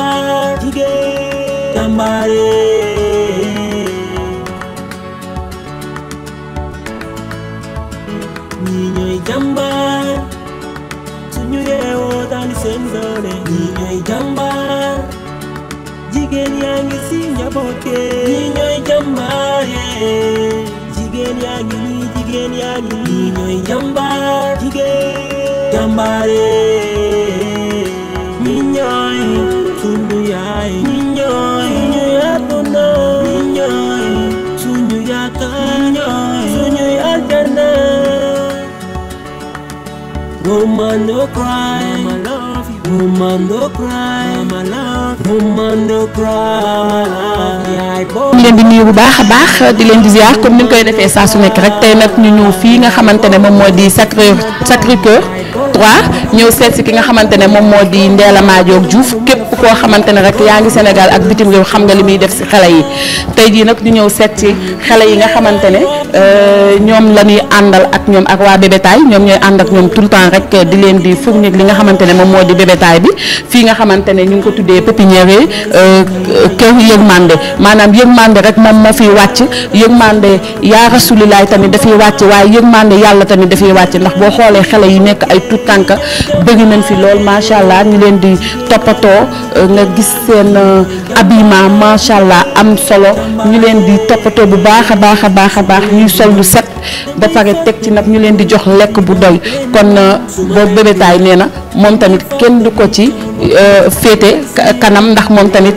ba jige tambare Ninyoi jambar Sunyure otani senzone Ninyoi jambar Jigen yangi sinya boke Ninyoi jambar Jigen yangi ni jigen yangi Ninyoi jambar Jigen jambare Woman, no cry. Mama love you. Woman, no cry. Mama love you. Woman, no cry. ñu leen di nuyu bu baax a baax di leen di ziar comme ni nga koy defee saa su nekk rek tey nag ñu ñëw fii nga xamante ne moom moo di Sacré Sacré Cœur 3 ñëw seet si ki nga xamante moom moo di Ndella Madior Diouf képp. képp koo xamante ne rek yaa ngi Sénégal ak bitim réew xam nga li muy def si xele yi tey jii nag ñu ñëw seet si xele yi nga xamante ne euh, ñoom la ñuy àndal ak ñoom ak waa bébétaay ñoom ñooy ànd ak ñoom tout le temps rek di leen di fournir li nga xamante ne moom moo di bébétaay bi fii nga xamante ne ñu ngi ko tuddee pépinière euh, kër yërmande maanaam yërmande rek moom ma fi wàcc yërmande yaa rasulilaay tamit dafiy wàcc waaye yërmande yàlla tamit dafiy wàcc ndax boo xoolee xale yi nekk ay tout tànk bëgg nañ fi lool macha allah ñu leen di Euh, nga gis seen euh, habillement macha allah am solo ñu leen di toppatoo bu baax a baax a baax a baax ñuy sol lu set ba pare teg ci nag ñu leen di jox lekk bu doy kon na Bébé Taye nee na moom tamit kenn du ko ci euh, féete kanam ndax moom tamit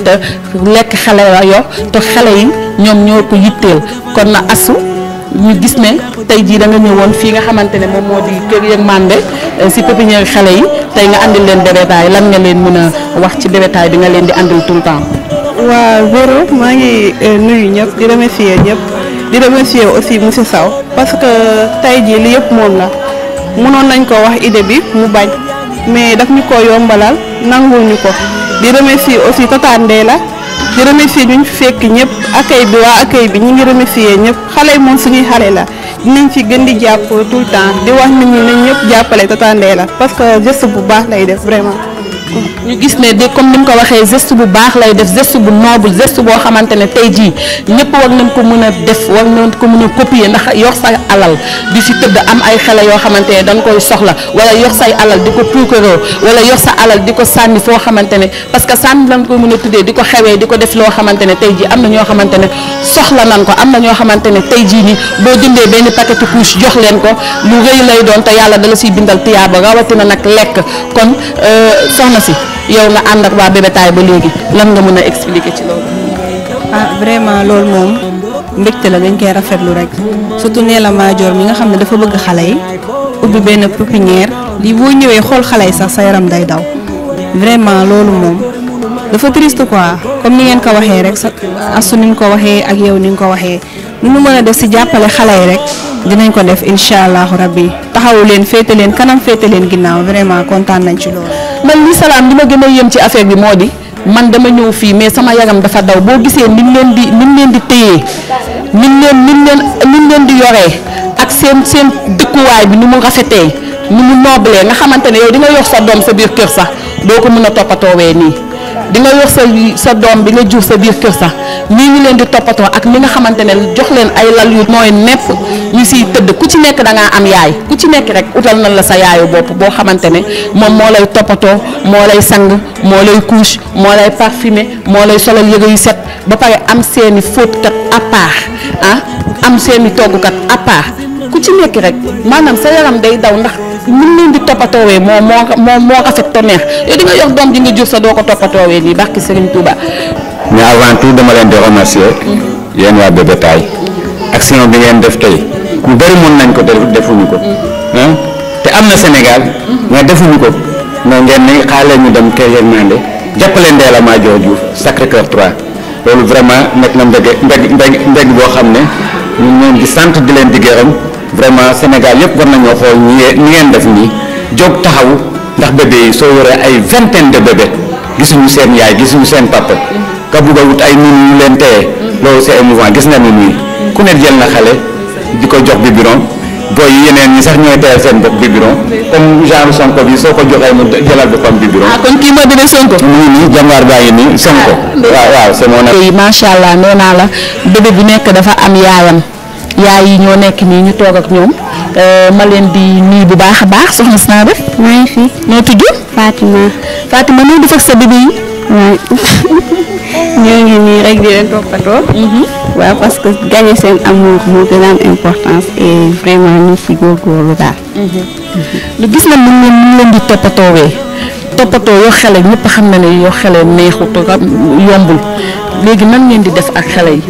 lekk xale yo yor te xale yi ñoom ñoo ko yitteel kon na asu ñu gis ne tay ji da nga ñëwoon fii nga xamante ne moom moo di kër yëg ya mande euh, si pépinière xale yi tey nga andil leen bébétaay lan nga leen mën a wax ci bébétaay bi nga leen di andil tout le temps waaw zéro maa ngi euh, nuyu ñëpp di remercier ñëpp di remercier aussi monsieur Saw parce que tey jii li yëpp moom la mënoon nañ ko wax idée bi mu bañ mais daf ñu ko yombalal nangul ñu ko di remercier aussi Tata Ndey la di remercier ñu fi fekk ñëpp accueil bi waa accueil bi ñu ngi remercier ñëpp xale yi moom suñuy xale la dinañ ci gën di jàpp tout le temps di wax nit ñi nañ ñëpp jàppale Tata la parce que geste bu baax lay def vraiment. ñu gis ne de comme ni mu ko waxee geste bu baax lay def geste bu noble geste boo xamante ne tey jii ñëpp war nañ ko mën a def war nañ ko mën a copier ndax yor sa alal di si tëdd am ay xale yoo xamante ne dañ koy soxla wala yor say alal di ko puukaroo wala yor sa alal di ko sànni foo xamante ne parce que sànni lañ ko mën a tuddee di ko xewee di ko def loo xamante ne tey jii am na ñoo xamante ne soxla nañ ko am na ñoo xamante ne tey jii nii boo jëndee benn paquet couche jox leen ko lu rëy lay doon te yàlla dala siy bindal tiyaaba rawatina nag lekk kon euh, soxna si yow nga and ak waa bébétaay ba légui lan nga mëna expliquer ci loolu ah vraiment loolu mom mbékté la dañ koy rafetlu rek surtout né la major mi nga xamné dafa bëgg xalé yi ubbi benn pépinière li boo ñëwé xol xalé sax sa yaram day daw vraiment loolu mom dafa triste quoi comme ni ngeen ko waxé rek asu ni ko waxé ak yow ni ko waxé nu nu def si jappalé xalé yi rek dinañ ko def inshallah rabbi taxawu leen féete kanam féete len ginnaw vraiment contane nañ ci loolu man li salaan li ma gën a yëm ci affaire bi moo di man dama ñëw fii mais sama yaram dafa daw boo gisee nin leen di nin leen di téyee nin leen nin leen nin leen di yoree ak seen seen dëkkuwaay bi ni mu rafetee ni mu nooblee nga xamante ne yow di nga yor sa doom sa biir kër sax doo ko mën a toppatoo toppatoowee nii di nga yor sa sa doom bi nga jur sa biir kër sax nii ñu leen di toppatoo ak li nga xamante ne jox leen ay lal yu nooy nepp ñu siy tëdd ku ci nekk da ngaa am yaay ku ci nekk rek utal na la sa yaayu bopp boo xamante ne moom moo lay toppatoo moo lay sang moo lay couche moo lay parfumé moo lay solal yëge set ba pare am seeni fóotkat à part ah am seeni toggukat à part ku ci nekk rek maanaam sa yaram day daw ndax mën leen di toppatoowee moo moo moo moo rafet te neex yooyu yor doom ji nga jur sa doo ko toppatoo toppatoowee nii barki Serigne Touba mais avant tout dama leen di remercier yéen waa Bébé Taye action bi ngeen def tey ñu bëri mën nañ ko def defuñu ko te am na Sénégal mais defuñu ko moo ngeen ni xaale mu dem kër yërmande jàppale Ndella Madior Diouf Sacré-Cœur 3 loolu vraiment nekk na mbég mbég mbeg boo xam ne ñu ñeen di sant di leen di gërëm vraiment Sénégal yëpp war nañoo xool ñi ngeen def nii jóg taxaw ndax bébé yi soo yoree ay vingtaine de bébé gisuñu seen yaay gisuñu seen papa ka bëgg wut ay nit ñu leen téye loolu c'est émouvant gis nga nit ñi ku ne jël na xalé diko ko jox biberon boy yi yeneen ñi sax ñoy téel seen bopp biberon comme genre sonko bi soko ko joxee mu jëlal boppam biberon ah kon ki mo bébé sonko ñi ñi jambar baay ni sonko ah, waaw waaw c'est mon ami ma sha allah nee naa la bébé bi nekk dafa am yaayam yaay yi ñoo nekk ni ñu toog ak ñoom euh, ma leen di nuyu bu baax baax soxna sna def maa fi no tuddu Fatima Fatima noo def ak sa bébé yi ñoo ngi nii rek di toppatoo. Mhm. waaw parce que gagner seen amour moo gën a am importance et vraiment ñu fi góorgóorlu daal. lu mhm. mhm. gis na mën leen mën leen di toppatoowee toppatoo yoo xale ñëpp xam na ne yoo xale neexut yombul léegi nan leen di def ak xele yi.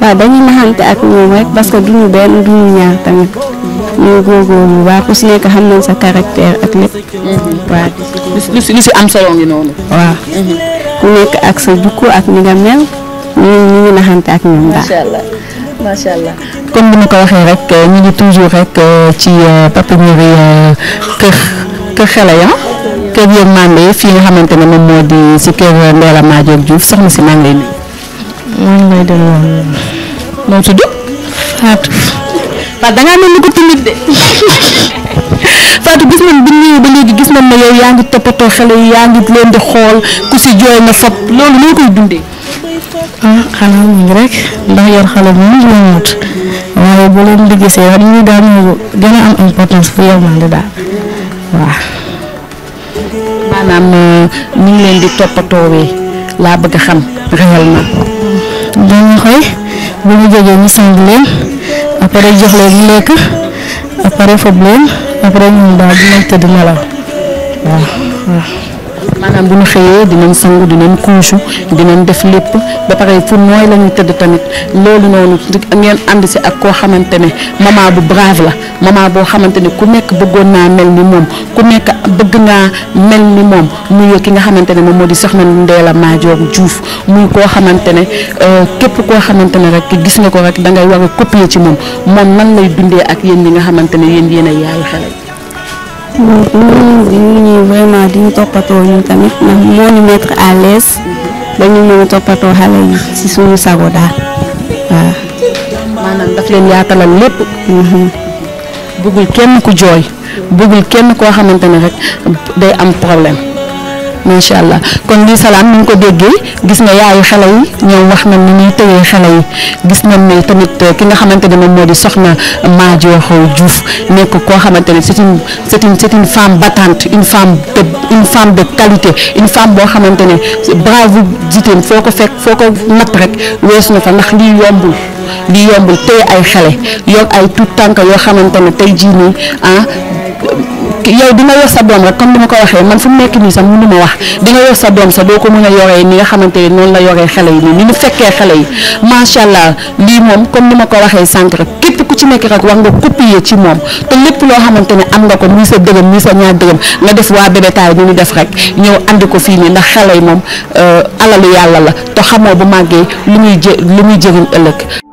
waaw dañuy naxante ak ñoom rek parce que duñu benn duñu ñaar tamit. ñu ngi góorgóorlu waaw ku si nekk xam nañ sa caractère ak lépp. Mhm. waaw lu si am solo ngi noonu. waa mhm. ku nekk ak sa jukko ak ni nga mel ñu ngi naxante ak ñoom daal. macha allah comme ni ma ko waxee rek euh, ñu ngi toujours rek euh, ci euh, pépinière kër kër xale ya kër yërmande fii nga xamante ne moom moo di si kër Ndella Madior Diouf soxna si maa ngi lay nuyu. maa ngi Fatou da ngaa mel ni ko timide de Fatou gis nañ bi ñëwee ba léegi gis nañ ne yow yaa ngi toppatoo xale yi yaa ngi leen di xool ku si jooy na fab loolu noo koy dundee. ah xanaa ñu ngi rek ndax yor xale bu mu wut waaye daal ñu gën am importance bu yow maanaam euh, ñu ngi leen di toppatoowee laa bëgg a xam réellement. dañu xëy bu ñu jógee ñu sang leen. après jox leen mu lekk après fob leen après ñun daal dinañ tëdd nelaw maanaam bu ñu xëyee dinañ sangu dinañ couche dinañ def lépp ba pare fu nooy la ñuy tëdd tamit loolu noonu ngeen ànd si ak koo xamante ne maman bu brave la maman boo xamante ne ku nekk bëggoon naa mel ni moom ku nekk bëgg ngaa mel ni moom muy ki nga xamante ne moom moo di soxna Ndella Madior Diouf muy koo xamante ne euh, képp koo xamante ne rek gis nga ko rek da ngay war a copier ci moom moom nan lay dundee ak yéen ñi nga xamante ne yéen yéen a yaayu xale donc ñu ñuy vraiment di ñu toppatoo ñun tamit ndax à l'aise ba ñu mën toppatoo xale yi ci suñu sago daal waaw. maanaam daf leen yaatalal lépp. Mhm. bëggul kenn ku jooy. bëggul kenn koo xamante ne rek day am problème. macha allah kon lii salaan ni ko déggee gis na yaayu xale yi ñoom wax nañ ni ñuy tëyee xale yi gis nañ ne tamit eh, ki nga xamante ne moom moo di soxna Madior Diouf nekk koo xamante ne c'est une c'est une c'est une femme une femme de une femme de qualité boo xamante ne bravo jiiteem foo ko fekk foo ko natt rek weesu na fa ndax lii yombul. lii yombul téye ay xale yoog ay tout tànk yoo xamante ne tey jii nii ah, yow di yor sa doom rek comme ni ma ko waxee man fu mu nekk nii sax mënu ma wax di nga yor sa doom sax doo ko mën a yoree ni nga xamante noon noonu la yoree xale yi nii ni ñu fekkee xale yi macha allah comme ni ma ko waxee sànq képp ku ci nekk rek war nga copier ci moom te lépp loo xamante ne am nga ko muy sa dërëm muy sa ñaar dërëm nga def waa bébétaay ni ñu def rek ñëw andi ko fii nii ndax xale yi moom euh, alalu yàlla la te xamoo bu màggee lu muy jë lu muy jëriñ ëllëg.